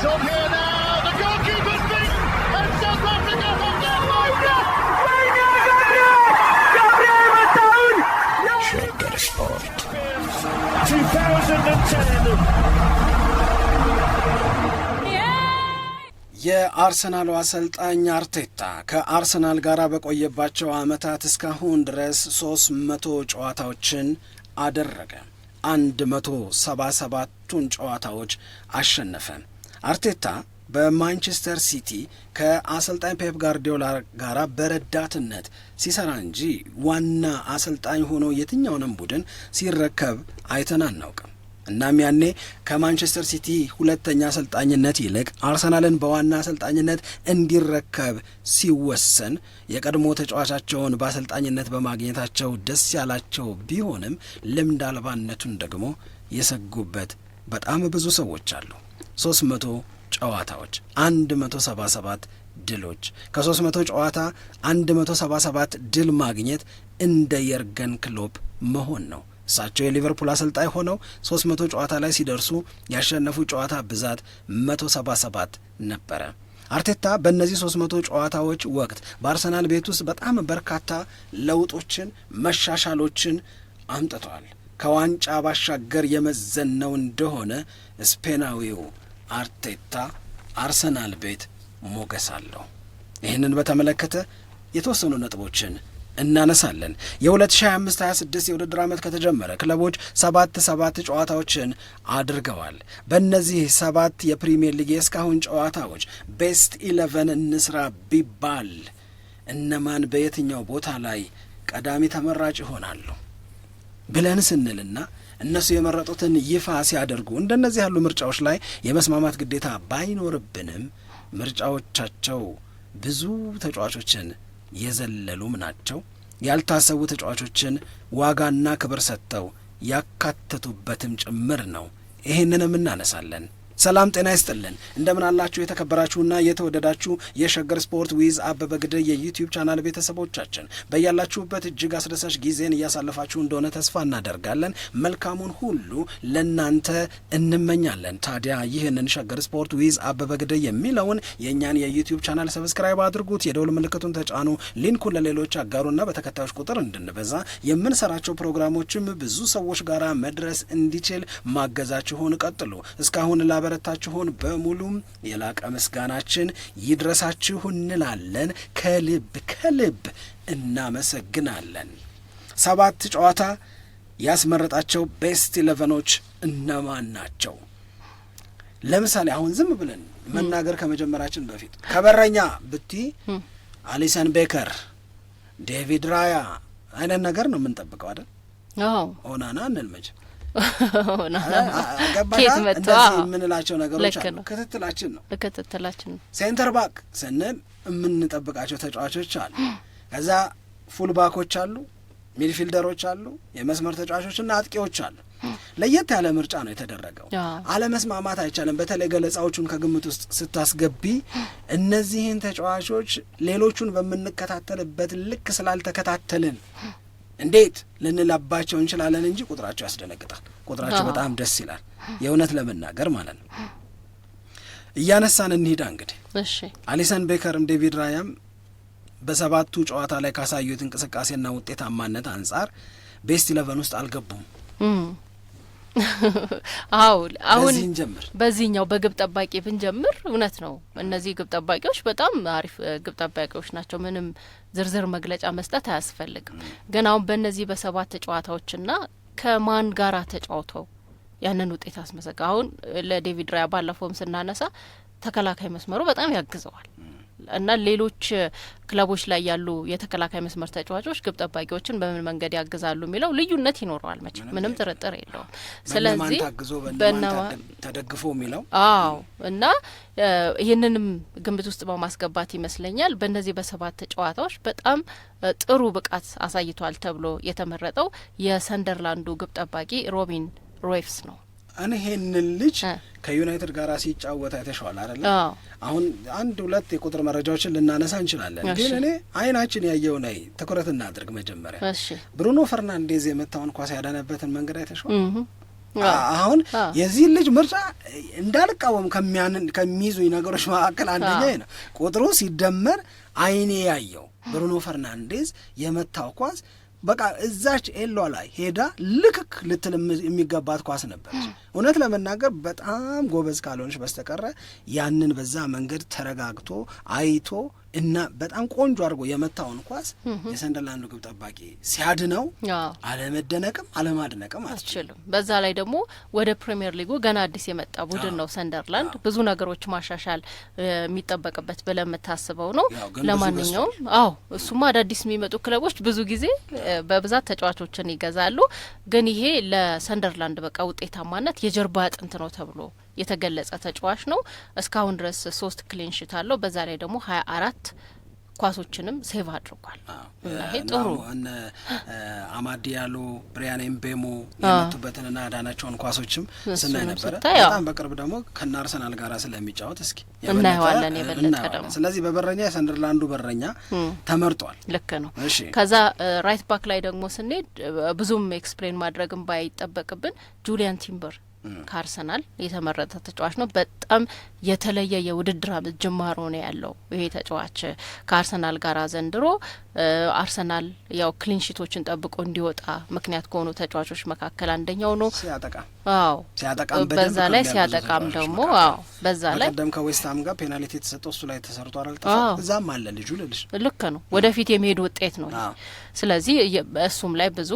on here now. የአርሰናሉ አሰልጣኝ አርቴታ ከአርሰናል ጋር በቆየባቸው ዓመታት እስካሁን ድረስ 300 ጨዋታዎችን አደረገ። 177ቱን ጨዋታዎች አሸነፈ። አርቴታ በማንቸስተር ሲቲ ከአሰልጣኝ ፔፕ ጋርዲዮላ ጋር በረዳትነት ሲሰራ እንጂ ዋና አሰልጣኝ ሆኖ የትኛውንም ቡድን ሲረከብ አይተን አናውቅም። እናም ያኔ ከማንቸስተር ሲቲ ሁለተኛ አሰልጣኝነት ይልቅ አርሰናልን በዋና አሰልጣኝነት እንዲረከብ ሲወሰን የቀድሞ ተጫዋቻቸውን በአሰልጣኝነት በማግኘታቸው ደስ ያላቸው ቢሆንም ልምድ አልባነቱን ደግሞ የሰጉበት በጣም ብዙ ሰዎች አሉ። ሶስት መቶ ጨዋታዎች አንድ መቶ ሰባ ሰባት ድሎች ከሶስት መቶ ጨዋታ አንድ መቶ ሰባ ሰባት ድል ማግኘት እንደ የርገን ክሎፕ መሆን ነው። እሳቸው የሊቨርፑል አሰልጣኝ ሆነው ሶስት መቶ ጨዋታ ላይ ሲደርሱ ያሸነፉ ጨዋታ ብዛት መቶ ሰባ ሰባት ነበረ። አርቴታ በእነዚህ ሶስት መቶ ጨዋታዎች ወቅት በአርሰናል ቤት ውስጥ በጣም በርካታ ለውጦችን መሻሻሎችን አምጥቷል። ከዋንጫ ባሻገር የመዘነው እንደሆነ ስፔናዊው አርቴታ አርሰናል ቤት ሞገስ አለው። ይህንን በተመለከተ የተወሰኑ ነጥቦችን እናነሳለን። የ2025/26 የውድድር ዓመት ከተጀመረ ክለቦች ሰባት ሰባት ጨዋታዎችን አድርገዋል። በእነዚህ ሰባት የፕሪምየር ሊግ የእስካሁን ጨዋታዎች ቤስት ኢለቨን እንስራ ቢባል እነማን በየትኛው ቦታ ላይ ቀዳሚ ተመራጭ ይሆናሉ ብለን ስንልና እነሱ የመረጡትን ይፋ ሲያደርጉ እንደነዚህ ያሉ ምርጫዎች ላይ የመስማማት ግዴታ ባይኖርብንም ምርጫዎቻቸው ብዙ ተጫዋቾችን የዘለሉም ናቸው። ያልታሰቡ ተጫዋቾችን ዋጋና ክብር ሰጥተው ያካተቱበትም ጭምር ነው። ይህንንም እናነሳለን። ሰላም ጤና ይስጥልን፣ እንደምን አላችሁ? የተከበራችሁና የተወደዳችሁ የሸገር ስፖርት ዊዝ አበበ ግደይ የዩቲዩብ ቻናል ቤተሰቦቻችን በያላችሁበት እጅግ አስደሳች ጊዜን እያሳለፋችሁ እንደሆነ ተስፋ እናደርጋለን። መልካሙን ሁሉ ለናንተ እንመኛለን። ታዲያ ይህንን ሸገር ስፖርት ዊዝ አበበ ግደይ የሚለውን የእኛን የዩቲዩብ ቻናል ሰብስክራይብ አድርጉት፣ የደውል ምልክቱን ተጫኑ፣ ሊንኩን ለሌሎች አጋሩና በተከታዮች ቁጥር እንድንበዛ የምንሰራቸው ፕሮግራሞችም ብዙ ሰዎች ጋር መድረስ እንዲችል ማገዛችሁን ቀጥሉ። እስካሁን ላበ ላበረታችሁን በሙሉም የላቀ ምስጋናችን ይድረሳችሁ እንላለን። ከልብ ከልብ እናመሰግናለን። ሰባት ጨዋታ ያስመረጣቸው ቤስት ኢለቨኖች እነማን ናቸው? ለምሳሌ አሁን ዝም ብለን መናገር ከመጀመራችን በፊት ከበረኛ ብቲ አሊሰን ቤከር፣ ዴቪድ ራያ አይነት ነገር ነው የምንጠብቀው አይደል? ኦናና እንልመጅ ኬት መጥቶ የምንላቸው ነገሮች አሉ። ክትትላችን ነው ክትትላችን ነው። ሴንተር ባክ ስንል የምንጠብቃቸው ተጫዋቾች አሉ። ከዛ ፉል ባኮች አሉ፣ ሚድፊልደሮች አሉ፣ የመስመር ተጫዋቾችና አጥቂዎች አሉ። ለየት ያለ ምርጫ ነው የተደረገው። አለመስማማት አይቻልም። በተለይ ገለጻዎቹን ከግምት ውስጥ ስታስገቢ እነዚህን ተጫዋቾች ሌሎቹን በምንከታተልበት ልክ ስላልተከታተልን እንዴት ልንለባቸው እንችላለን እንጂ ቁጥራቸው ያስደነግጣል። ቁጥራቸው በጣም ደስ ይላል፣ የእውነት ለመናገር ማለት ነው። እያነሳን እንሂዳ እንግዲህ አሊሰን ቤከርም ዴቪድ ራያም በሰባቱ ጨዋታ ላይ ካሳዩት እንቅስቃሴና ውጤታማነት አንጻር ቤስት ኢለቨን ውስጥ አልገቡም። አዎ አሁን በዚህኛው በግብ ጠባቂ ብንጀምር እውነት ነው። እነዚህ ግብ ጠባቂዎች በጣም አሪፍ ግብ ጠባቂዎች ናቸው። ምንም ዝርዝር መግለጫ መስጠት አያስፈልግም። ግን አሁን በእነዚህ በሰባት ጨዋታዎችና ከማን ጋር ተጫውተው ያንን ውጤት አስመዘገቡ። አሁን ለዴቪድ ራያ ባለፈውም ስናነሳ ተከላካይ መስመሩ በጣም ያግዘዋል። እና ሌሎች ክለቦች ላይ ያሉ የተከላካይ መስመር ተጫዋቾች ግብ ጠባቂዎችን በምን መንገድ ያግዛሉ የሚለው ልዩነት ይኖረዋል። መቼ ምንም ጥርጥር የለውም። ስለዚህ ተደግፎ የሚለው አዎ። እና ይህንንም ግምት ውስጥ በማስገባት ይመስለኛል በእነዚህ በሰባት ጨዋታዎች በጣም ጥሩ ብቃት አሳይቷል ተብሎ የተመረጠው የሰንደርላንዱ ግብ ጠባቂ ሮቢን ሮይፍስ ነው። እኔ ይሄንን ልጅ ከዩናይትድ ጋር ሲጫወት አይተሸዋል አይደለ? አሁን አንድ ሁለት የቁጥር መረጃዎችን ልናነሳ እንችላለን፣ ግን እኔ አይናችን ያየው ላይ ትኩረት እናድርግ። መጀመሪያ ብሩኖ ፈርናንዴዝ የመታውን ኳስ ያዳነበትን መንገድ አይተሸዋል። አሁን የዚህ ልጅ ምርጫ እንዳልቃወም ከሚይዙኝ ነገሮች መካከል አንደኛ ነው። ቁጥሩ ሲደመር አይኔ ያየው ብሩኖ ፈርናንዴዝ የመታው ኳስ በቃ እዛች ኤሏ ላይ ሄዳ ልክክ ልትል የሚገባት ኳስ ነበረች። እውነት ለመናገር በጣም ጎበዝ ካልሆነች በስተቀረ ያንን በዛ መንገድ ተረጋግቶ አይቶ እና በጣም ቆንጆ አድርጎ የመታውን ኳስ የሰንደርላንዱ ግብ ጠባቂ ሲያድነው አለመደነቅም አለማድነቅም አትችልም። በዛ ላይ ደግሞ ወደ ፕሪምየር ሊጉ ገና አዲስ የመጣ ቡድን ነው ሰንደርላንድ። ብዙ ነገሮች ማሻሻል የሚጠበቅበት ብለን የምታስበው ነው። ለማንኛውም አዎ፣ እሱማ አዳዲስ የሚመጡ ክለቦች ብዙ ጊዜ በብዛት ተጫዋቾችን ይገዛሉ። ግን ይሄ ለሰንደርላንድ በቃ ውጤታማነት የጀርባ አጥንት ነው ተብሎ የተገለጸ ተጫዋች ነው። እስካሁን ድረስ ሶስት ክሊንሽት አለው። በዛ ላይ ደግሞ ሀያ አራት ኳሶችንም ሴቭ አድርጓል። ጥሩ አማዲ ያሉ ብሪያን ኤምቤሞ የመጡበትንና ያዳናቸውን ኳሶችም ስናይ ነበረ። በጣም በቅርብ ደግሞ ከነ አርሰናል ጋር ስለሚጫወት እስኪ እናየዋለን የበለጠ ደግሞ። ስለዚህ በበረኛ የሰንደርላንዱ በረኛ ተመርጧል። ልክ ነው። ከዛ ራይት ባክ ላይ ደግሞ ስንሄድ ብዙም ኤክስፕሌን ማድረግም ባይጠበቅብን ጁሊያን ቲምበር ከአርሰናል የተመረጠ ተጫዋች ነው። በጣም የተለየ የውድድር አመት ጅማሮ ነው ያለው ይሄ ተጫዋች ከአርሰናል ጋር ዘንድሮ። አርሰናል ያው ክሊንሺቶችን ጠብቆ እንዲወጣ ምክንያት ከሆኑ ተጫዋቾች መካከል አንደኛው ነው። አዎ በዛ ላይ ሲያጠቃም ደግሞ አዎ በዛ ላይ ቀደም ከዌስትሃም ጋር ፔናልቲ የተሰጠው እሱ ላይ ተሰርቶ አላልጠፋ እዛም አለ ልጁ ልልሽ ልክ ነው። ወደፊት የሚሄድ ውጤት ነው። ስለዚህ እሱም ላይ ብዙ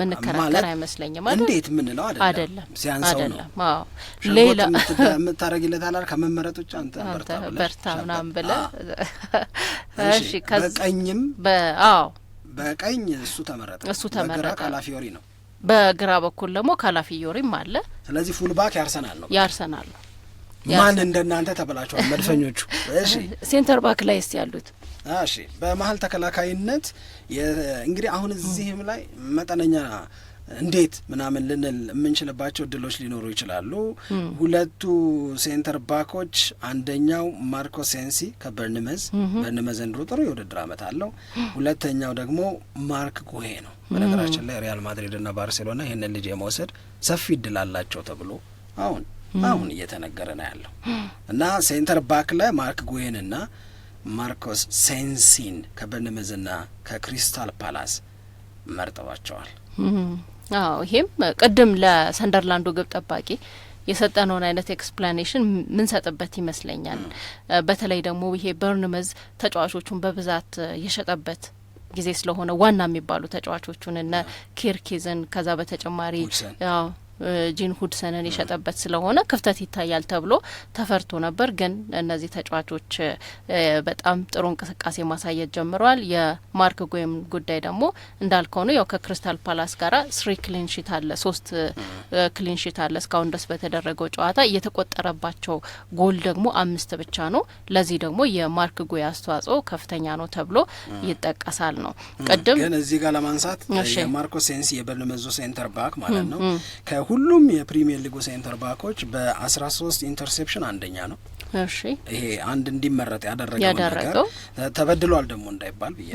ምንከራከር አይመስለኝም። እንዴት ምንለው አይደለም ሲያንሰው ነው ሌላ የምታደረግለት አላር ከመመረጥ ውጭ አንተ በርታ ምናምን ብለ እሺ በቀኝም አዎ በቀኝ እሱ ተመረጠ እሱ ተመረጠ ካላፊዮሪ ነው። በግራ በኩል ደግሞ ካላፊዮሪም አለ። ስለዚህ ፉልባክ ያርሰናል ነው ያርሰናል ነው ማን እንደናንተ ተበላቸዋል መድፈኞቹ። እሺ ሴንተር ባክ ላይ ስ ያሉት እሺ፣ በመሀል ተከላካይነት እንግዲህ አሁን እዚህም ላይ መጠነኛ እንዴት ምናምን ልንል የምንችልባቸው እድሎች ሊኖሩ ይችላሉ። ሁለቱ ሴንተር ባኮች አንደኛው ማርኮ ሴንሲ ከበርንመዝ በርንመዝ ዘንድሮ ጥሩ የውድድር ዓመት አለው። ሁለተኛው ደግሞ ማርክ ጉሄ ነው። በነገራችን ላይ ሪያል ማድሪድ እና ባርሴሎና ይህንን ልጅ የመውሰድ ሰፊ እድል አላቸው ተብሎ አሁን አሁን እየተነገረ ነው ያለው እና ሴንተር ባክ ላይ ማርክ እና ማርኮስ ሴንሲን ከበነመዝና ከክሪስታል ፓላስ መርጠዋቸዋል። አዎ ይሄም ቅድም ለሰንደርላንዱ ግብ ጠባቂ የሰጠነውን አይነት ኤክስፕላኔሽን ምንሰጥበት ይመስለኛል። በተለይ ደግሞ ይሄ በርንመዝ ተጫዋቾቹን በብዛት የሸጠበት ጊዜ ስለሆነ ዋና የሚባሉ ተጫዋቾቹን እነ ኬርኬዝን ከዛ በተጨማሪ ጂን ሁድሰንን የሸጠበት ስለሆነ ክፍተት ይታያል ተብሎ ተፈርቶ ነበር። ግን እነዚህ ተጫዋቾች በጣም ጥሩ እንቅስቃሴ ማሳየት ጀምረዋል። የማርክ ጎይም ጉዳይ ደግሞ እንዳልከው ነው። ያው ከክሪስታል ፓላስ ጋራ ስሪ ክሊንሺት አለ፣ ሶስት ክሊንሺት አለ እስካሁን ድረስ በተደረገው ጨዋታ። የተቆጠረባቸው ጎል ደግሞ አምስት ብቻ ነው። ለዚህ ደግሞ የማርክ ጎይ አስተዋጽኦ ከፍተኛ ነው ተብሎ ይጠቀሳል ነው ቅድም ግን እዚህ ጋር ለማንሳት የማርኮ ሴንስ የበለመዞ ሴንተር ባክ ማለት ነው ሁሉም የፕሪሚየር ሊጉ ሴንተር ባኮች በአስራ ሶስት ኢንተርሴፕሽን አንደኛ ነው። እሺ ይሄ አንድ እንዲመረጥ ያደረገው ነገር ተበድሏል ደግሞ እንዳይባል ብዬ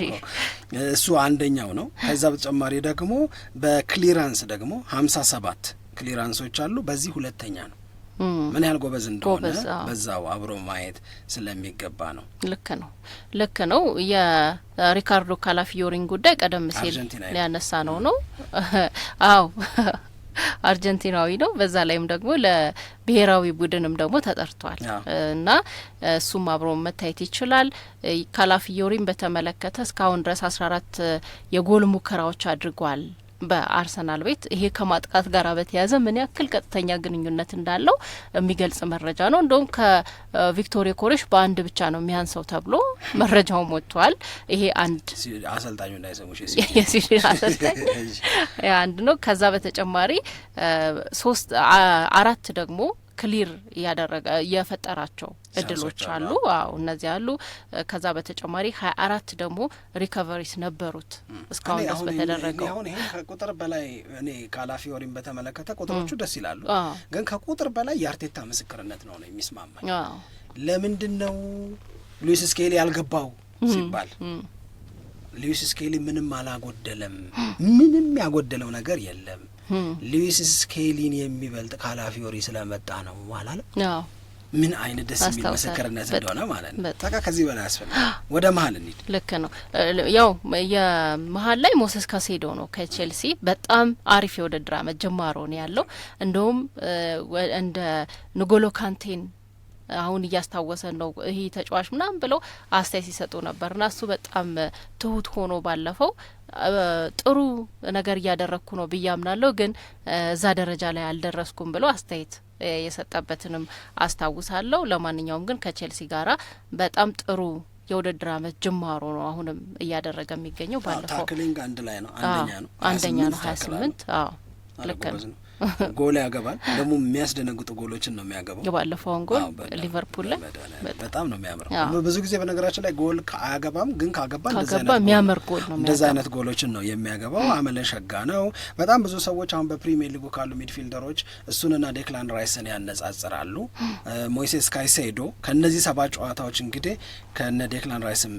እሱ አንደኛው ነው። ከዛ በተጨማሪ ደግሞ በክሊራንስ ደግሞ ሀምሳ ሰባት ክሊራንሶች አሉ። በዚህ ሁለተኛ ነው። ምን ያህል ጎበዝ እንደሆነ በዛው አብሮ ማየት ስለሚገባ ነው። ልክ ነው፣ ልክ ነው። የሪካርዶ ካላፊዮሪን ጉዳይ ቀደም ሲል ሊያነሳ ነው ነው አዎ አርጀንቲናዊ ነው። በዛ ላይም ደግሞ ለብሔራዊ ቡድንም ደግሞ ተጠርቷል እና እሱም አብሮ መታየት ይችላል። ካላፊዮሪን በተመለከተ እስካሁን ድረስ አስራ አራት የጎል ሙከራዎች አድርጓል በአርሰናል ቤት ይሄ ከማጥቃት ጋር በተያያዘ ምን ያክል ቀጥተኛ ግንኙነት እንዳለው የሚገልጽ መረጃ ነው። እንደውም ከቪክቶሪ ኮሬሽ በአንድ ብቻ ነው የሚያንሰው ተብሎ መረጃው ወጥቷል። ይሄ አንድ አሰልጣኙ አሰልጣኝ አንድ ነው። ከዛ በተጨማሪ ሶስት አራት ደግሞ ክሊር እያደረገ እየፈጠራቸው እድሎች አሉ። አዎ እነዚህ አሉ። ከዛ በተጨማሪ ሀያ አራት ደግሞ ሪከቨሪስ ነበሩት እስካሁን ድረስ በተደረገው። አሁን ይሄ ከቁጥር በላይ እኔ ካላፊዮሪን በተመለከተ ቁጥሮቹ ደስ ይላሉ፣ ግን ከቁጥር በላይ የአርቴታ ምስክርነት ነው ነው የሚስማማኝ። ለምንድን ነው ሉዊስ ስኬሊ ያልገባው ሲባል ሉዊስ ስኬሊ ምንም አላጎደለም፣ ምንም ያጎደለው ነገር የለም Hmm. ሉዊስ ስኬሊን የሚበልጥ ካላፊዮሪ ስለመጣ ነው አላለ። ምን አይነት ደስ የሚል ምስክርነት እንደሆነ ማለት ነው። ታካ ከዚህ በላይ ያስፈልግ። ወደ መሀል እንሂድ። ልክ ነው። ያው የመሀል ላይ ሞሰስ ካሴዶ ነው ከቼልሲ በጣም አሪፍ የውድድር አመት ጅማሮ ነው ያለው። እንደውም እንደ ንጎሎ ካንቴን አሁን እያስታወሰን ነው ይሄ ተጫዋች ምናምን ብለው አስተያየት ሲሰጡ እና እሱ በጣም ትሁት ሆኖ ባለፈው ጥሩ ነገር እያደረግኩ ነው ብዬ አምናለሁ፣ ግን እዛ ደረጃ ላይ አልደረስኩም ብሎ አስተያየት የሰጠበትንም አስታውሳለሁ። ለማንኛውም ግን ከቼልሲ ጋራ በጣም ጥሩ የውድድር አመት ጅማሮ ነው አሁንም እያደረገ የሚገኘው። ባለፈው ታክሊንግ አንድ ላይ ነው አንደኛ ነው አንደኛ ነው ሀያ ስምንት አዎ ልክ ነው። ጎል ያገባል። ደግሞ የሚያስደነግጡ ጎሎችን ነው የሚያገባው። የባለፈውን ጎል ሊቨርፑል ላይ በጣም ነው የሚያምረው። ብዙ ጊዜ በነገራችን ላይ ጎል አያገባም፣ ግን ካገባ የሚያምር ጎል ነው። እንደዚ አይነት ጎሎችን ነው የሚያገባው። አመለን ሸጋ ነው። በጣም ብዙ ሰዎች አሁን በፕሪሚየር ሊጉ ካሉ ሚድፊልደሮች እሱንና ዴክላን ራይስን ያነጻጽራሉ። ሞይሴስ ካይሴዶ ከእነዚህ ሰባት ጨዋታዎች እንግዲህ ከነ ዴክላን ራይስም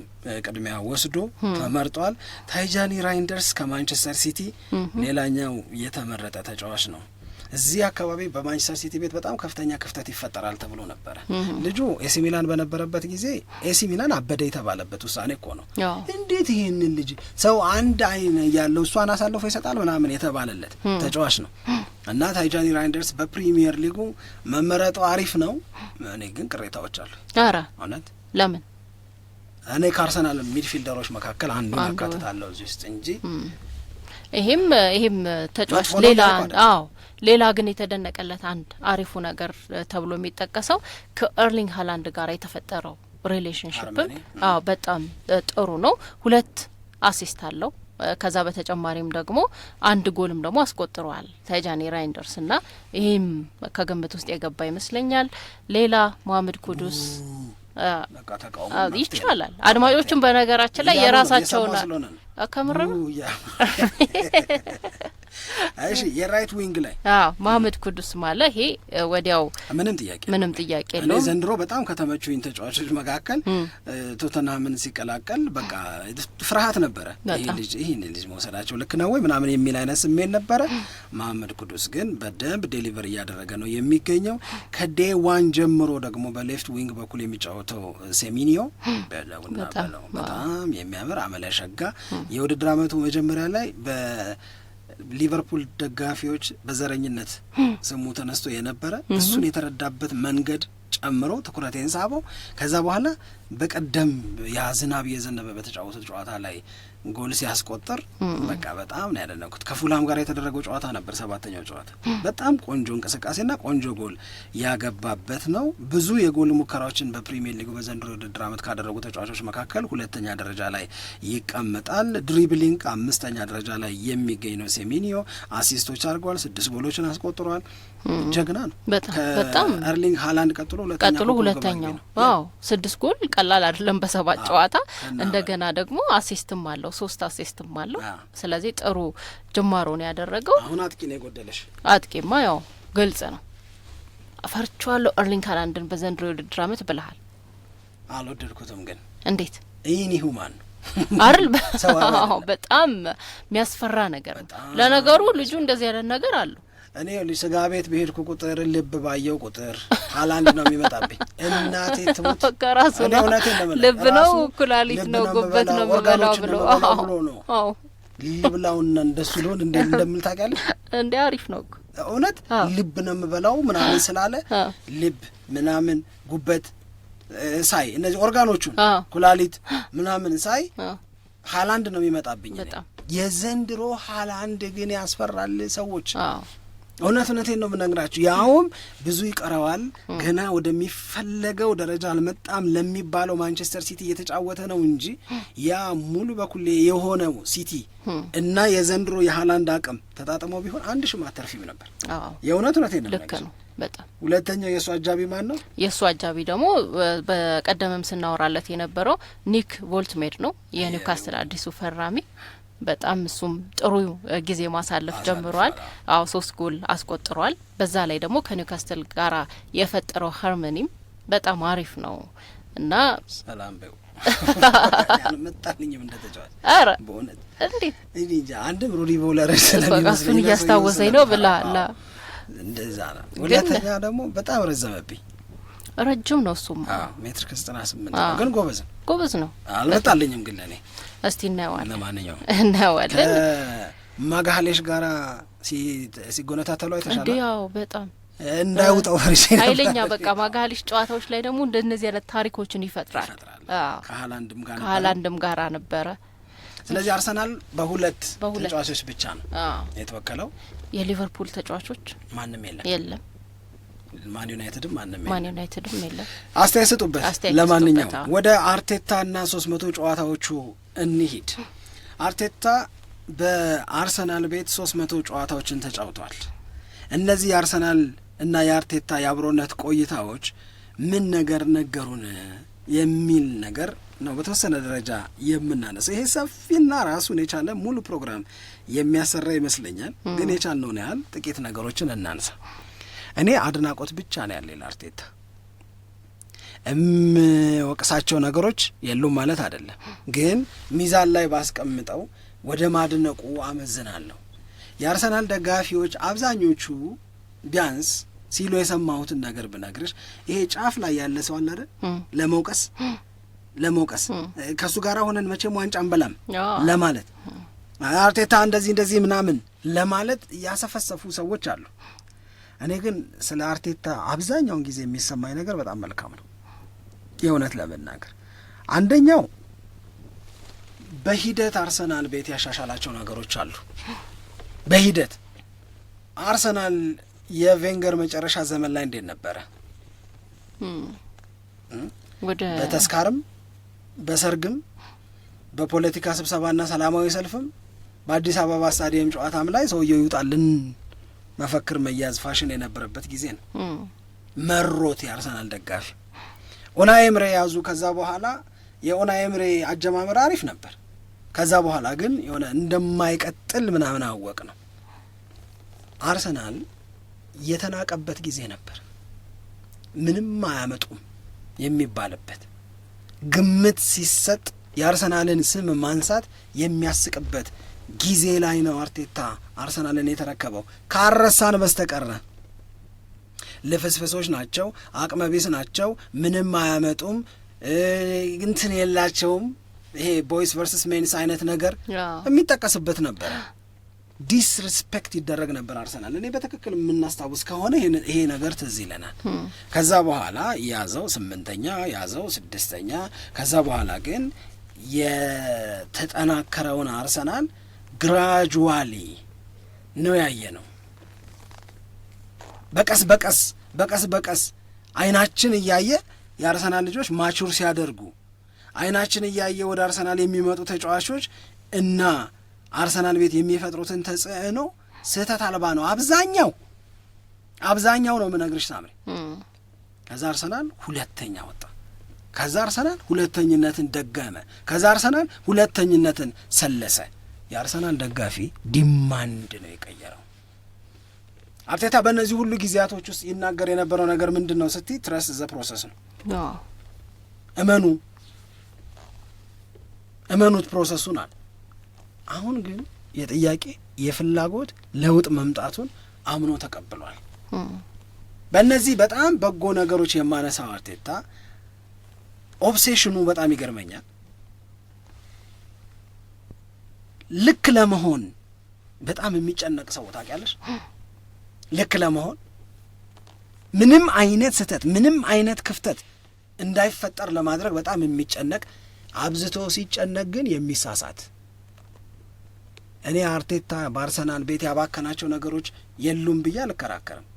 ቅድሚያ ወስዶ ተመርጧል። ታይጃኒ ራይንደርስ ከማንቸስተር ሲቲ ሌላኛው የተመረጠ ተጫዋች ነው። እዚህ አካባቢ በማንቸስተር ሲቲ ቤት በጣም ከፍተኛ ክፍተት ይፈጠራል ተብሎ ነበረ። ልጁ ኤሲ ሚላን በነበረበት ጊዜ ኤሲ ሚላን አበደ የተባለበት ውሳኔ እኮ ነው። እንዴት ይህንን ልጅ ሰው አንድ አይን ያለው እሷን አሳልፎ ይሰጣል ምናምን የተባለለት ተጫዋች ነው እና ታይጃኒ ራይንደርስ በፕሪሚየር ሊጉ መመረጡ አሪፍ ነው። እኔ ግን ቅሬታዎች አሉ። እውነት ለምን እኔ ካርሰናል ሚድፊልደሮች መካከል አንዱ አካትታለሁ እዚህ ውስጥ እንጂ ይሄም ይሄም ተጫዋች ሌላ አዎ ሌላ ግን የተደነቀለት አንድ አሪፉ ነገር ተብሎ የሚጠቀሰው ከኤርሊንግ ሀላንድ ጋር የተፈጠረው ሪሌሽንሽፕም በጣም ጥሩ ነው። ሁለት አሲስት አለው። ከዛ በተጨማሪም ደግሞ አንድ ጎልም ደግሞ አስቆጥረዋል ተጃኒ ራይንደርስ እና ይህም ከግምት ውስጥ የገባ ይመስለኛል። ሌላ መሀመድ ኩዱስ ይቻላል። አድማጮችን በነገራችን ላይ የራሳቸውን ከምር ነው እሺ የራይት ዊንግ ላይ አዎ መሀመድ ኩዱስ ማለ ይሄ ወዲያው ምንም ጥያቄ ምንም ጥያቄ ነው። ዘንድሮ በጣም ከተመቹኝ ተጫዋቾች መካከል ቶተናምን ሲቀላቀል በቃ ፍርሃት ነበረ። ይህን ልጅ መውሰዳቸው ልክ ነው ወይ ምናምን የሚል አይነት ስሜት ነበረ። መሀመድ ኩዱስ ግን በደንብ ዴሊቨር እያደረገ ነው የሚገኘው። ከዴ ዋን ጀምሮ ደግሞ በሌፍት ዊንግ በኩል የሚጫወተው ሴሚኒዮ በለውና በለው በጣም የሚያምር አመለሸጋ የውድድር አመቱ መጀመሪያ ላይ በ ሊቨርፑል ደጋፊዎች በዘረኝነት hmm. ስሙ ተነስቶ የነበረ hmm. እሱን የተረዳበት መንገድ ጨምሮ ትኩረቴን ሳበው። ከዛ በኋላ በቀደም ያ ዝናብ እየዘነበ በተጫወቱት ጨዋታ ላይ ጎል ሲያስቆጥር በቃ በጣም ነው ያደነኩት። ከፉላም ጋር የተደረገው ጨዋታ ነበር፣ ሰባተኛው ጨዋታ በጣም ቆንጆ እንቅስቃሴና ቆንጆ ጎል ያገባበት ነው። ብዙ የጎል ሙከራዎችን በፕሪሚየር ሊጉ በዘንድሮ ውድድር ዓመት ካደረጉ ተጫዋቾች መካከል ሁለተኛ ደረጃ ላይ ይቀመጣል። ድሪብሊንግ አምስተኛ ደረጃ ላይ የሚገኝ ነው። ሴሚኒዮ አሲስቶች አድርገዋል፣ ስድስት ጎሎችን አስቆጥሯል። ጀግና ነው። በጣም ሃላንድ ቀጥሎ ሁለተኛ ቀጥሎ ሁለተኛው ስድስት ጎል ቀላል አይደለም በሰባት ጨዋታ። እንደገና ደግሞ አሲስትም አለው ሶስት አሲስትም አለው። ስለዚህ ጥሩ ጅማሮ ነው ያደረገው። አሁን አጥቂ ነው የጎደለሽ። አጥቂማ ያው ግልጽ ነው። ፈርቻለሁ ኤርሊንግ ሃላንድን በዘንድሮ የውድድር አመት ብልሃል። አልወደድኩትም ግን እንዴት ይህን ሁማን ነው በጣም የሚያስፈራ ነገር ነው። ለነገሩ ልጁ እንደዚህ ያለ ነገር አለው እኔ ስጋ ቤት ብሄድኩ ቁጥር ልብ ባየው ቁጥር ሀላንድ ነው የሚመጣብኝ። እናቴ ትሙት ከራሱ ነው ልብ ነው ኩላሊት ነው ጉበት ነው የምበላው ብሎ ብሎ ነው ልብላውና እንደሱ ሊሆን እንደምል ታውቂያለሽ? እንዲ አሪፍ ነው እውነት ልብ ነው የምበላው ምናምን ስላለ ልብ ምናምን ጉበት ሳይ እነዚህ ኦርጋኖቹን ኩላሊት ምናምን ሳይ ሀላንድ ነው የሚመጣብኝ። የዘንድሮ ሀላንድ ግን ያስፈራል ሰዎች እውነት እውነቴን ነው ብነግራችሁ፣ ያውም ብዙ ይቀረዋል፣ ገና ወደሚፈለገው ደረጃ አልመጣም ለሚባለው ማንቸስተር ሲቲ እየተጫወተ ነው እንጂ ያ ሙሉ በኩሌ የሆነው ሲቲ እና የዘንድሮ የሀላንድ አቅም ተጣጥሞ ቢሆን አንድ ሽም አተርፊም ነበር። የእውነት እውነቴን ነው ልክ ነው። በጣም ሁለተኛው የእሱ አጃቢ ማን ነው? የእሱ አጃቢ ደግሞ በቀደምም ስናወራለት የነበረው ኒክ ቮልትሜድ ነው፣ የኒውካስትል አዲሱ ፈራሚ በጣም እሱም ጥሩ ጊዜ ማሳለፍ ጀምሯል። አዎ ሶስት ጎል አስቆጥሯል። በዛ ላይ ደግሞ ከኒውካስትል ጋራ የፈጠረው ሀርመኒም በጣም አሪፍ ነው እና ሰላም በው መጣልኝም እንደ በእውነት እንዴት እንጃ አንድም ሩዲ ቦለር ስለሚመስለኝ እያስታወሰኝ ነው ብላ እንደዛ ነው። ሁለተኛ ደግሞ በጣም ረዘመብኝ ረጅም ነው እሱም ሜትር ከዘጠና ስምንት ነው። ግን ጎበዝ ነው ጎበዝ ነው። አልመጣልኝም ግን ለእኔ እስቲ እናየዋለን። ለማንኛውም እናየዋለን። ማጋሌሽ ጋራ ሲጎነታተሉ አይተሻል። ያው በጣም እንዳይውጠው ፈሪሴ ኃይለኛ በቃ ማጋሊሽ ጨዋታዎች ላይ ደግሞ እንደነዚህ አይነት ታሪኮችን ይፈጥራል። ከሀላንድም ጋር ከሀላንድም ጋራ ነበረ። ስለዚህ አርሰናል በሁለት ተጫዋቾች ብቻ ነው የተወከለው። የሊቨርፑል ተጫዋቾች ማንም የለም የለም ማን ዩናይትድም ማንም ማን ዩናይትድም የለም። አስተያየት ስጡበት። ለማንኛውም ወደ አርቴታ እና ሶስት መቶ ጨዋታዎቹ እንሂድ። አርቴታ በአርሰናል ቤት ሶስት መቶ ጨዋታዎችን ተጫውቷል። እነዚህ የአርሰናል እና የአርቴታ የአብሮነት ቆይታዎች ምን ነገር ነገሩን የሚል ነገር ነው በተወሰነ ደረጃ የምናነሳ። ይሄ ሰፊና ራሱን የቻለ ሙሉ ፕሮግራም የሚያሰራ ይመስለኛል። ግን የቻልነውን ያህል ጥቂት ነገሮችን እናንሳ። እኔ አድናቆት ብቻ ነው ያለኝ ለአርቴታ። እምወቅሳቸው ነገሮች የሉም ማለት አይደለም፣ ግን ሚዛን ላይ ባስቀምጠው ወደ ማድነቁ አመዝናለሁ። የአርሰናል ደጋፊዎች አብዛኞቹ ቢያንስ ሲሉ የሰማሁትን ነገር ብነግርሽ ይሄ ጫፍ ላይ ያለ ሰው አለ አይደል ለመውቀስ ለመውቀስ ከእሱ ጋር ሆነን መቼም ዋንጫ አንበላም ለማለት አርቴታ እንደዚህ እንደዚህ ምናምን ለማለት ያሰፈሰፉ ሰዎች አሉ። እኔ ግን ስለ አርቴታ አብዛኛውን ጊዜ የሚሰማኝ ነገር በጣም መልካም ነው። የእውነት ለመናገር አንደኛው በሂደት አርሰናል ቤት ያሻሻላቸው ነገሮች አሉ። በሂደት አርሰናል የቬንገር መጨረሻ ዘመን ላይ እንዴት ነበረ? በተስካርም በሰርግም በፖለቲካ ስብሰባና ሰላማዊ ሰልፍም በአዲስ አበባ ስታዲየም ጨዋታም ላይ ሰውየው ይውጣልን መፈክር መያዝ ፋሽን የነበረበት ጊዜ ነው። መሮት የአርሰናል ደጋፊ ኡናይ ኤምሬ ያዙ። ከዛ በኋላ የኡናይ ኤምሬ አጀማመር አሪፍ ነበር። ከዛ በኋላ ግን የሆነ እንደማይቀጥል ምናምን አወቅ ነው። አርሰናል የተናቀበት ጊዜ ነበር። ምንም አያመጡም የሚባልበት ግምት ሲሰጥ የአርሰናልን ስም ማንሳት የሚያስቅበት ጊዜ ላይ ነው አርቴታ አርሰናልን የተረከበው ካረሳን በስተቀረ ልፍስፍሶች ናቸው፣ አቅመቢስ ናቸው፣ ምንም አያመጡም፣ እንትን የላቸውም። ይሄ ቦይስ ቨርስስ ሜንስ አይነት ነገር የሚጠቀስበት ነበር። ዲስሪስፔክት ይደረግ ነበር አርሰናል። እኔ በትክክል የምናስታውስ ከሆነ ይሄ ነገር ትዝ ይለናል። ከዛ በኋላ ያዘው ስምንተኛ፣ ያዘው ስድስተኛ። ከዛ በኋላ ግን የተጠናከረውን አርሰናል ግራጁዋሊ ነው ያየ ነው። በቀስ በቀስ በቀስ በቀስ አይናችን እያየ የአርሰናል ልጆች ማቹር ሲያደርጉ አይናችን እያየ ወደ አርሰናል የሚመጡ ተጫዋቾች እና አርሰናል ቤት የሚፈጥሩትን ተጽዕኖ ስህተት አልባ ነው። አብዛኛው አብዛኛው ነው ምነግርሽ ሳምሬ። ከዛ አርሰናል ሁለተኛ ወጣ። ከዛ አርሰናል ሁለተኝነትን ደገመ። ከዛ አርሰናል ሁለተኝነትን ሰለሰ። የአርሰናል ደጋፊ ዲማንድ ነው የቀየረው። አርቴታ በእነዚህ ሁሉ ጊዜያቶች ውስጥ ይናገር የነበረው ነገር ምንድን ነው ስቲ ትረስ ዘ ፕሮሰስ ነው። እመኑ እመኑት ፕሮሰሱን አለ። አሁን ግን የጥያቄ የፍላጎት ለውጥ መምጣቱን አምኖ ተቀብሏል። በእነዚህ በጣም በጎ ነገሮች የማነሳው አርቴታ ኦብሴሽኑ በጣም ይገርመኛል። ልክ ለመሆን በጣም የሚጨነቅ ሰው ታውቂያለሽ። ልክ ለመሆን ምንም አይነት ስህተት፣ ምንም አይነት ክፍተት እንዳይፈጠር ለማድረግ በጣም የሚጨነቅ አብዝቶ ሲጨነቅ ግን የሚሳሳት እኔ አርቴታ በአርሰናል ቤት ያባከናቸው ነገሮች የሉም ብዬ አልከራከርም።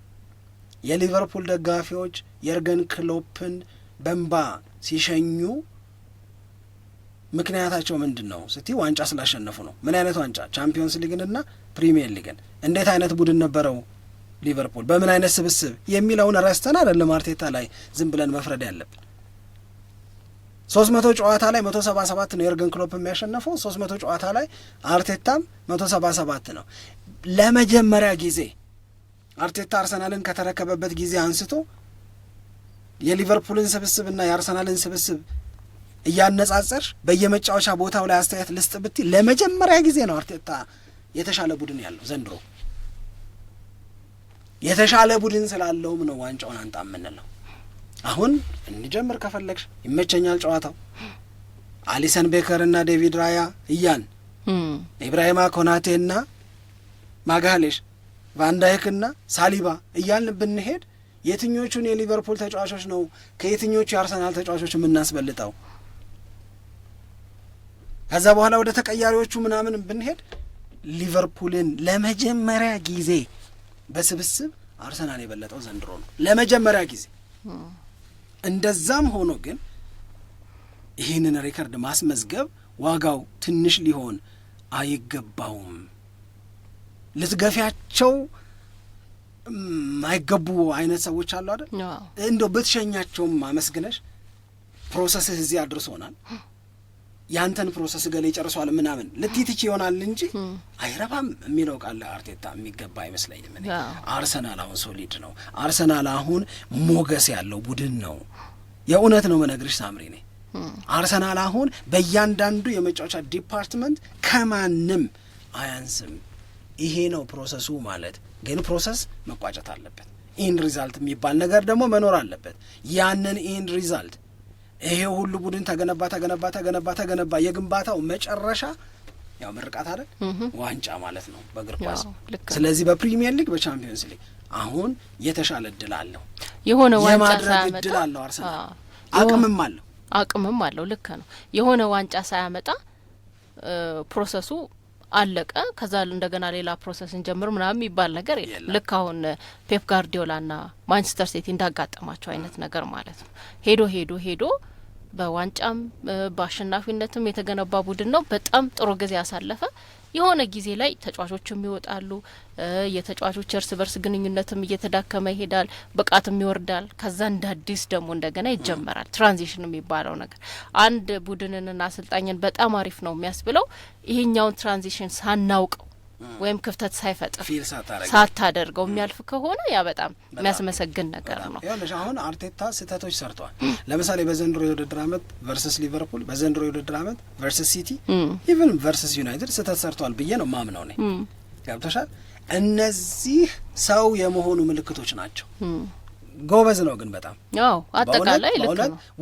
የሊቨርፑል ደጋፊዎች የርገን ክሎፕን በንባ ሲሸኙ ምክንያታቸው ምንድን ነው ስቲ ዋንጫ ስላሸነፉ ነው። ምን አይነት ዋንጫ? ቻምፒዮንስ ሊግንና ፕሪሚየር ሊግን። እንዴት አይነት ቡድን ነበረው ሊቨርፑል በምን አይነት ስብስብ የሚለውን ረስተን አይደለም አርቴታ ላይ ዝም ብለን መፍረድ ያለብን። ሶስት መቶ ጨዋታ ላይ መቶ ሰባ ሰባት ነው የርገን ክሎፕ የሚያሸነፈው። ሶስት መቶ ጨዋታ ላይ አርቴታም መቶ ሰባ ሰባት ነው። ለመጀመሪያ ጊዜ አርቴታ አርሰናልን ከተረከበበት ጊዜ አንስቶ የሊቨርፑልን ስብስብና የአርሰናልን ስብስብ እያነጻጸር በየመጫወቻ ቦታው ላይ አስተያየት ልስጥ ብቲ ለመጀመሪያ ጊዜ ነው አርቴታ የተሻለ ቡድን ያለው ዘንድሮ የተሻለ ቡድን ስላለውም ነው ዋንጫውን አንጣ የምንለው። አሁን እንጀምር ከፈለግሽ ይመቸኛል ጨዋታው አሊሰን ቤከር እና ዴቪድ ራያ እያን ኢብራሂማ ኮናቴ እና ማጋሌሽ ቫንዳይክ እና ሳሊባ እያልን ብንሄድ የትኞቹን የሊቨርፑል ተጫዋቾች ነው ከየትኞቹ የአርሰናል ተጫዋቾች የምናስበልጠው? ከዛ በኋላ ወደ ተቀያሪዎቹ ምናምን ብንሄድ ሊቨርፑልን ለመጀመሪያ ጊዜ በስብስብ አርሰናል የበለጠው ዘንድሮ ነው፣ ለመጀመሪያ ጊዜ። እንደዛም ሆኖ ግን ይህንን ሪከርድ ማስመዝገብ ዋጋው ትንሽ ሊሆን አይገባውም። ልትገፊያቸው የማይገቡ አይነት ሰዎች አሉ አይደል? እንደው ብትሸኛቸውም አመስግነሽ ፕሮሰስህ እዚህ አድርሶናል ያንተን ፕሮሰስ ገሌ ይጨርሷል ምናምን ልትትች ይሆናል እንጂ አይረባም የሚለው ቃል አርቴታ የሚገባ አይመስለኝም። እኔ አርሰናል አሁን ሶሊድ ነው። አርሰናል አሁን ሞገስ ያለው ቡድን ነው። የእውነት ነው መነግርሽ ሳምሪ ኔ አርሰናል አሁን በእያንዳንዱ የመጫወቻ ዲፓርትመንት ከማንም አያንስም። ይሄ ነው ፕሮሰሱ ማለት። ግን ፕሮሰስ መቋጨት አለበት። ኢን ሪዛልት የሚባል ነገር ደግሞ መኖር አለበት። ያንን ኢንድ ሪዛልት ይሄ ሁሉ ቡድን ተገነባ ተገነባ ተገነባ ተገነባ። የግንባታው መጨረሻ ያው ምርቃት አይደል? ዋንጫ ማለት ነው በእግር ኳስ። ስለዚህ በፕሪሚየር ሊግ፣ በቻምፒየንስ ሊግ አሁን የተሻለ እድል አለው፣ የሆነ ዋንጫ ሳያመጣ እድል አለው። አርሰናል አቅምም አለው፣ አቅምም አለው። ልክ ነው። የሆነ ዋንጫ ሳያመጣ ፕሮሰሱ አለቀ ከዛ እንደገና ሌላ ፕሮሰስ እንጀምር ምናምን የሚባል ነገር የለም። ልክ አሁን ፔፕ ና ማንቸስተር ሲቲ እንዳጋጠማቸው አይነት ነገር ማለት ነው። ሄዶ ሄዶ ሄዶ በዋንጫም በአሸናፊነትም የተገነባ ቡድን ነው። በጣም ጥሩ ጊዜ ያሳለፈ የሆነ ጊዜ ላይ ተጫዋቾችም ይወጣሉ። የተጫዋቾች እርስ በርስ ግንኙነትም እየተዳከመ ይሄዳል፣ ብቃትም ይወርዳል። ከዛ እንደ አዲስ ደግሞ እንደገና ይጀመራል። ትራንዚሽን የሚባለው ነገር አንድ ቡድንንና አሰልጣኝን በጣም አሪፍ ነው የሚያስብለው ይሄኛውን ትራንዚሽን ሳናውቅ ወይም ክፍተት ሳይፈጥር ሳታደርገው የሚያልፍ ከሆነ ያ በጣም የሚያስመሰግን ነገር ነው። ይኸውልሽ አሁን አርቴታ ስህተቶች ሰርተዋል። ለምሳሌ በዘንድሮ የውድድር አመት ቨርስስ ሊቨርፑል፣ በዘንድሮ የውድድር አመት ቨርስስ ሲቲ፣ ኢቨን ቨርስስ ዩናይትድ ስህተት ሰርቷል ብዬ ነው ማምነው ነኝ። ገብቶሻል? እነዚህ ሰው የመሆኑ ምልክቶች ናቸው። ጎበዝ ነው ግን በጣም አጠቃላይ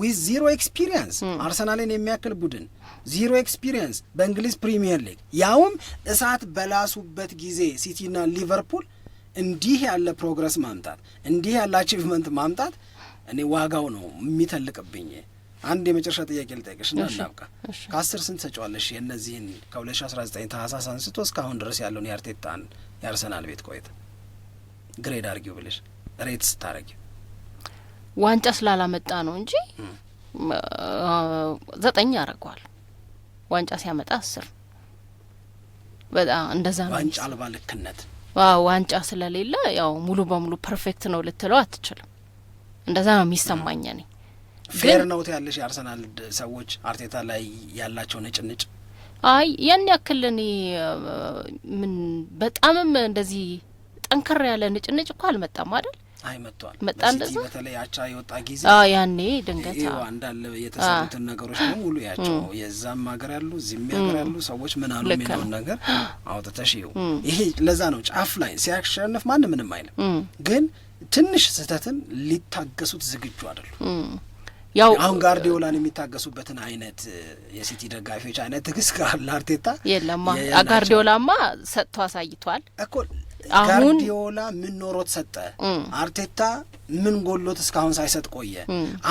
ዊዝ ዚሮ ኤክስፒሪየንስ አርሰናልን የሚያክል ቡድን ዚሮ ኤክስፒሪየንስ በእንግሊዝ ፕሪሚየር ሊግ ያውም እሳት በላሱበት ጊዜ ሲቲና ሊቨርፑል እንዲህ ያለ ፕሮግረስ ማምጣት እንዲህ ያለ አቺቭመንት ማምጣት እኔ ዋጋው ነው የሚተልቅብኝ። አንድ የመጨረሻ ጥያቄ ልጠይቅሽ እና እናብቃ። ከአስር ስንት ሰጫዋለሽ የእነዚህን ከ2019 ታህሳስ አንስቶ እስካሁን ድረስ ያለውን የአርቴታን የአርሰናል ቤት ቆይታ ግሬድ አርጊው ብልሽ ሬት ስታረጊው ዋንጫ ስላላመጣ ነው እንጂ ዘጠኝ ያደርገዋል። ዋንጫ ሲያመጣ አስር በጣም እንደዛ ነው። ዋንጫ አልባ ልክነት ዋንጫ ስለሌለ ያው ሙሉ በሙሉ ፐርፌክት ነው ልትለው አትችልም። እንደዛ ነው የሚሰማኝ እኔ። ፌር ነውት ያለሽ የአርሰናል ሰዎች አርቴታ ላይ ያላቸው ንጭንጭ አይ ያን ያክል እኔ ምን በጣምም እንደዚህ ጠንከር ያለ ንጭንጭ እኮ አልመጣም አይደል ፀሐይ መጥቷል። መጣ እንደዛ በተለይ አቻ የወጣ ጊዜ ያኔ ድንገት እንዳለ የተሰሩትን ነገሮች በሙሉ ያቸው የዛም ሀገር ያሉ እዚህም ሀገር ያሉ ሰዎች ምን አሉ የሚለውን ነገር አውጥተሽ ይው ይሄ ለዛ ነው ጫፍ ላይ ሲያሸንፍ ማን ምንም አይልም፣ ግን ትንሽ ስህተትን ሊታገሱት ዝግጁ አይደሉም። ያው አሁን ጋርዲዮላን የሚታገሱበትን አይነት የሲቲ ደጋፊዎች አይነት ትግስት ካለ የለማ ጋርዲዮላማ ሰጥቶ አሳይቷል እኮ አሁን ጋርዲዮላ ምን ኖሮት ሰጠ? አርቴታ ምን ጎሎት እስካሁን ሳይሰጥ ቆየ?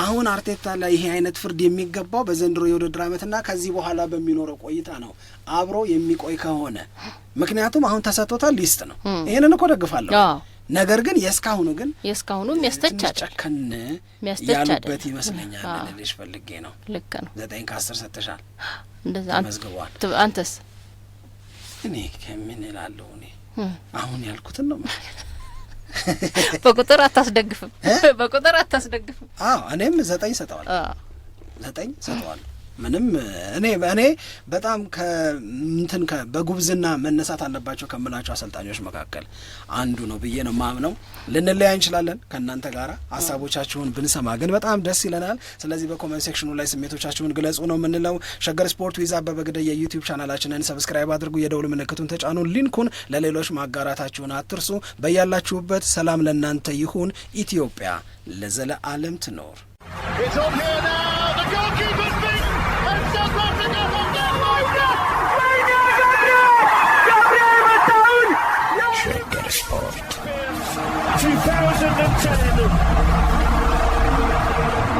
አሁን አርቴታ ላይ ይሄ አይነት ፍርድ የሚገባው በዘንድሮ የውድድር ዓመትና ከዚህ በኋላ በሚኖረው ቆይታ ነው፣ አብሮ የሚቆይ ከሆነ ምክንያቱም አሁን ተሰጥቶታል፣ ሊስት ነው። ይሄንን እኮ ደግፋለሁ። ነገር ግን የእስካሁኑ ግን የእስካሁኑ የሚያስተቻል ጨከን ያሉበት ይመስለኛል። ልልሽ ፈልጌ ነው። ልክ ነው። ዘጠኝ ከአስር ሰጥሻል፣ ተመዝግቧል። አንተስ? እኔ ከምን እላለሁ እኔ አሁን ያልኩትን ነው። በቁጥር አታስደግፍም፣ በቁጥር አታስደግፍም። አዎ እኔም ዘጠኝ ሰጠዋል፣ ዘጠኝ ሰጠዋል። ምንም እኔ እኔ በጣም ከምንትን በጉብዝና መነሳት አለባቸው ከምላቸው አሰልጣኞች መካከል አንዱ ነው ብዬ ነው ማምነው። ልንለያ እንችላለን ከእናንተ ጋር ሀሳቦቻችሁን ብንሰማ ግን በጣም ደስ ይለናል። ስለዚህ በኮመንት ሴክሽኑ ላይ ስሜቶቻችሁን ግለጹ ነው የምንለው። ሸገር ስፖርት ዊዛ በበግደ የዩቲዩብ ቻናላችንን ሰብስክራይብ አድርጉ፣ የደውል ምልክቱን ተጫኑ፣ ሊንኩን ለሌሎች ማጋራታችሁን አትርሱ። በያላችሁበት ሰላም ለእናንተ ይሁን። ኢትዮጵያ ለዘለዓለም ትኖር። Sport. 2010.